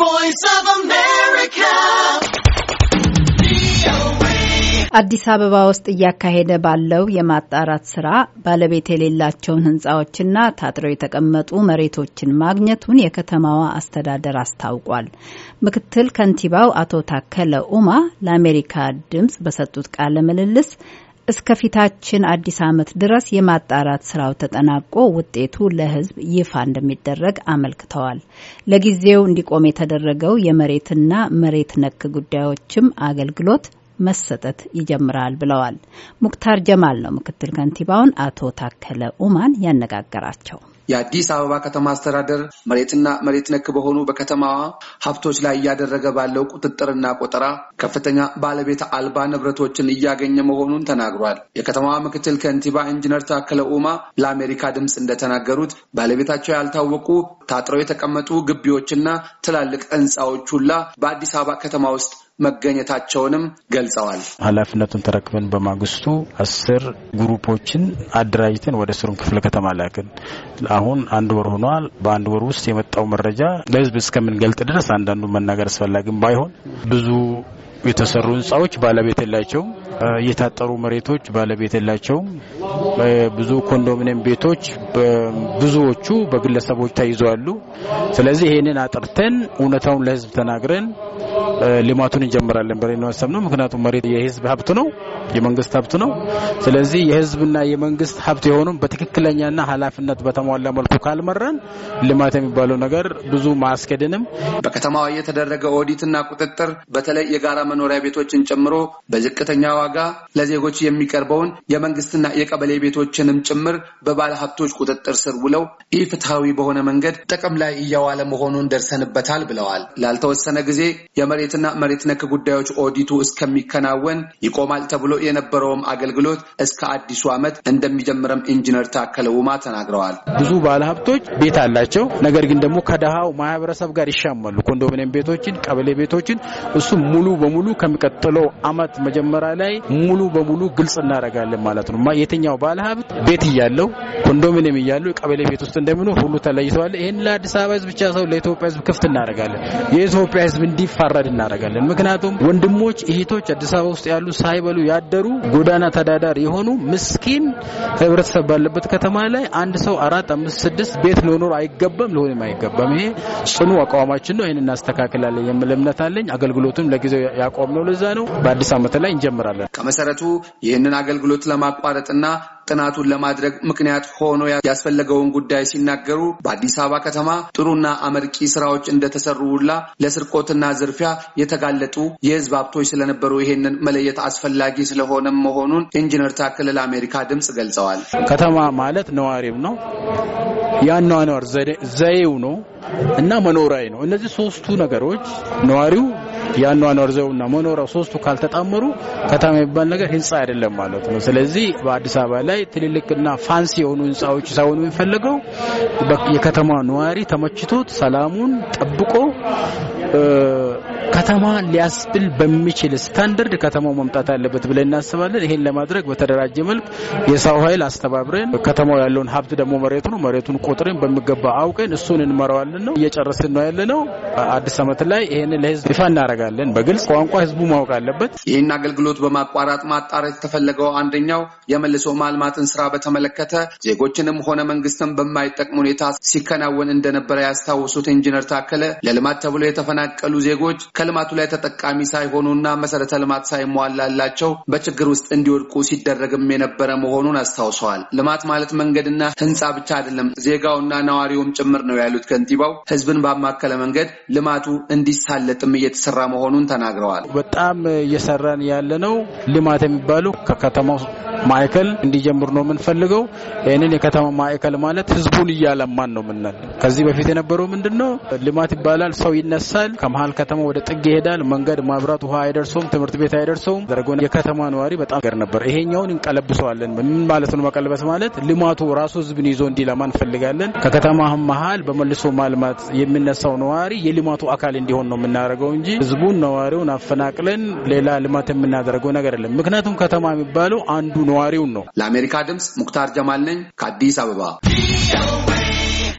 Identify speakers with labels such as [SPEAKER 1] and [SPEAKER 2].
[SPEAKER 1] voice of America. አዲስ አበባ ውስጥ እያካሄደ ባለው የማጣራት ስራ ባለቤት የሌላቸውን ህንፃዎችና ታጥረው የተቀመጡ መሬቶችን ማግኘቱን የከተማዋ አስተዳደር አስታውቋል። ምክትል ከንቲባው አቶ ታከለ ኡማ ለአሜሪካ ድምፅ በሰጡት ቃለ ምልልስ እስከፊታችን አዲስ ዓመት ድረስ የማጣራት ስራው ተጠናቆ ውጤቱ ለሕዝብ ይፋ እንደሚደረግ አመልክተዋል። ለጊዜው እንዲቆም የተደረገው የመሬትና መሬት ነክ ጉዳዮችም አገልግሎት መሰጠት ይጀምራል ብለዋል። ሙክታር ጀማል ነው ምክትል ከንቲባውን አቶ ታከለ ኡማን ያነጋገራቸው።
[SPEAKER 2] የአዲስ አበባ ከተማ አስተዳደር መሬትና መሬት ነክ በሆኑ በከተማዋ ሀብቶች ላይ እያደረገ ባለው ቁጥጥርና ቆጠራ ከፍተኛ ባለቤት አልባ ንብረቶችን እያገኘ መሆኑን ተናግሯል። የከተማዋ ምክትል ከንቲባ ኢንጂነር ታከለ ኡማ ለአሜሪካ ድምፅ እንደተናገሩት ባለቤታቸው ያልታወቁ ታጥረው የተቀመጡ ግቢዎችና ትላልቅ ሕንፃዎች ሁላ በአዲስ አበባ ከተማ ውስጥ መገኘታቸውንም ገልጸዋል።
[SPEAKER 3] ኃላፊነቱን ተረክበን በማግስቱ አስር ግሩፖችን አደራጅተን ወደ ስሩን ክፍለ ከተማ ላክን። አሁን አንድ ወር ሆኗል። በአንድ ወር ውስጥ የመጣው መረጃ ለህዝብ እስከምንገልጥ ድረስ አንዳንዱ መናገር አስፈላጊም ባይሆን ብዙ የተሰሩ ህንፃዎች ባለቤት የላቸውም። የታጠሩ መሬቶች ባለቤት የላቸውም። ብዙ ኮንዶሚኒየም ቤቶች ብዙዎቹ በግለሰቦች ተይዘዋሉ። ስለዚህ ይህንን አጥርተን እውነታውን ለህዝብ ተናግረን ልማቱን እንጀምራለን ብለን ነው ያሰብነው። ምክንያቱም መሬት የህዝብ ሀብት ነው፣ የመንግስት ሀብት ነው። ስለዚህ የህዝብና የመንግስት ሀብት የሆኑን በትክክለኛና ኃላፊነት በተሟላ መልኩ ካልመራን ልማት የሚባለው ነገር ብዙ ማስኬድንም
[SPEAKER 2] በከተማዋ የተደረገ ኦዲትና ቁጥጥር በተለይ የጋራ መኖሪያ ቤቶችን ጨምሮ በዝቅተኛ ዋጋ ለዜጎች የሚቀርበውን የመንግስትና የቀበሌ ቤቶችንም ጭምር በባለ ሀብቶች ቁጥጥር ስር ውለው ኢፍትሐዊ በሆነ መንገድ ጥቅም ላይ እየዋለ መሆኑን ደርሰንበታል ብለዋል። ላልተወሰነ ጊዜ የመሬት የቤትና መሬት ነክ ጉዳዮች ኦዲቱ እስከሚከናወን ይቆማል ተብሎ የነበረውም አገልግሎት እስከ አዲሱ ዓመት እንደሚጀምርም ኢንጂነር ታከለ ውማ ተናግረዋል።
[SPEAKER 3] ብዙ ባለሀብቶች ቤት አላቸው። ነገር ግን ደግሞ ከደሃው ማህበረሰብ ጋር ይሻመሉ ኮንዶሚኒየም ቤቶችን፣ ቀበሌ ቤቶችን እሱ ሙሉ በሙሉ ከሚቀጥለው ዓመት መጀመሪያ ላይ ሙሉ በሙሉ ግልጽ እናደርጋለን ማለት ነው። የትኛው ባለሀብት ቤት እያለው ኮንዶሚኒየም እያሉ ቀበሌ ቤት ውስጥ እንደሚኖር ሁሉ ተለይተዋል። ይህን ለአዲስ አበባ ህዝብ ብቻ ሰው ለኢትዮጵያ ህዝብ ክፍት እናደርጋለን። የኢትዮጵያ ህዝብ እንዲፋረድ እናደርጋለን። ምክንያቱም ወንድሞች እህቶች አዲስ አበባ ውስጥ ያሉ ሳይበሉ ያደሩ ጎዳና ተዳዳሪ የሆኑ ምስኪን ህብረተሰብ ባለበት ከተማ ላይ አንድ ሰው አራት፣ አምስት፣ ስድስት ቤት ሊኖር አይገባም፣ ሊሆንም አይገባም። ይሄ ጽኑ አቋማችን ነው። ይህን እናስተካክላለን የሚል እምነት አለኝ። አገልግሎቱም ለጊዜው ያቆም ነው። ለዛ ነው በአዲስ ዓመት ላይ እንጀምራለን።
[SPEAKER 2] ከመሰረቱ ይህንን አገልግሎት ለማቋረጥና ጥናቱን ለማድረግ ምክንያት ሆኖ ያስፈለገውን ጉዳይ ሲናገሩ በአዲስ አበባ ከተማ ጥሩና አመርቂ ስራዎች እንደተሰሩ ሁላ ለስርቆትና ዝርፊያ የተጋለጡ የህዝብ ሀብቶች ስለነበሩ ይሄንን መለየት አስፈላጊ ስለሆነም መሆኑን ኢንጂነር ታክል ለአሜሪካ ድምፅ ገልጸዋል። ከተማ
[SPEAKER 3] ማለት ነዋሪም ነው። የአኗኗር ዘይው ነው። እና መኖራዊ ነው። እነዚህ ሶስቱ ነገሮች ነዋሪው የአኗኗር ዘውና መኖሪያው ሶስቱ ካልተጣመሩ ከተማ የሚባል ነገር ህንፃ አይደለም ማለት ነው። ስለዚህ በአዲስ አበባ ላይ ትልልቅና ፋንሲ የሆኑ ህንፃዎች ሳይሆኑ የሚፈለገው የከተማ ነዋሪ ተመችቶት ሰላሙን ጠብቆ ከተማ ሊያስብል በሚችል ስታንደርድ ከተማው መምጣት አለበት ብለን እናስባለን። ይሄን ለማድረግ በተደራጀ መልክ የሰው ኃይል አስተባብረን ከተማው ያለውን ሀብት ደግሞ መሬቱ ነው። መሬቱን ቆጥረን በሚገባ አውቀን እሱን እንመራዋለን ነው እየጨረስን ነው ያለ ነው። አዲስ ዓመት ላይ ይሄን ለህዝብ ይፋ እናደርጋለን። በግልጽ ቋንቋ ህዝቡ ማወቅ አለበት።
[SPEAKER 2] ይህን አገልግሎት በማቋረጥ ማጣረት የተፈለገው አንደኛው የመልሶ ማልማትን ስራ በተመለከተ ዜጎችንም ሆነ መንግስትን በማይጠቅም ሁኔታ ሲከናወን እንደነበረ ያስታውሱት ኢንጂነር ታከለ ለልማት ተብሎ የተፈናቀሉ ዜጎች ከልማቱ ላይ ተጠቃሚ ሳይሆኑና መሰረተ ልማት ሳይሟላላቸው በችግር ውስጥ እንዲወድቁ ሲደረግም የነበረ መሆኑን አስታውሰዋል። ልማት ማለት መንገድና ህንፃ ብቻ አይደለም፣ ዜጋውና ነዋሪውም ጭምር ነው ያሉት ከንቲባው ህዝብን ባማከለ መንገድ ልማቱ እንዲሳለጥም እየተሰራ መሆኑን ተናግረዋል።
[SPEAKER 3] በጣም እየሰራን ያለ ነው ልማት የሚባሉ ከከተማው ማዕከል እንዲጀምር ነው የምንፈልገው። ይህንን የከተማ ማዕከል ማለት ህዝቡን እያለማን ነው ምናል። ከዚህ በፊት የነበረው ምንድን ነው? ልማት ይባላል። ሰው ይነሳል፣ ከመሀል ከተማ ወደ ጥግ ይሄዳል። መንገድ፣ ማብራት ውሃ አይደርሰውም፣ ትምህርት ቤት አይደርሰውም። ዘርጎ የከተማ ነዋሪ በጣም ገር ነበር። ይሄኛውን እንቀለብሰዋለን። ምን ማለት ነው? መቀልበስ ማለት ልማቱ ራሱ ህዝብን ይዞ እንዲለማ እንፈልጋለን። ከከተማ መሀል በመልሶ ማልማት የሚነሳው ነዋሪ የልማቱ አካል እንዲሆን ነው የምናደርገው እንጂ ህዝቡን ነዋሪውን አፈናቅለን ሌላ ልማት የምናደርገው ነገር የለም። ምክንያቱም ከተማ የሚባለው አንዱ ነዋሪውን ነው። ለአሜሪካ ድምፅ ሙክታር ጀማል ነኝ ከአዲስ አበባ።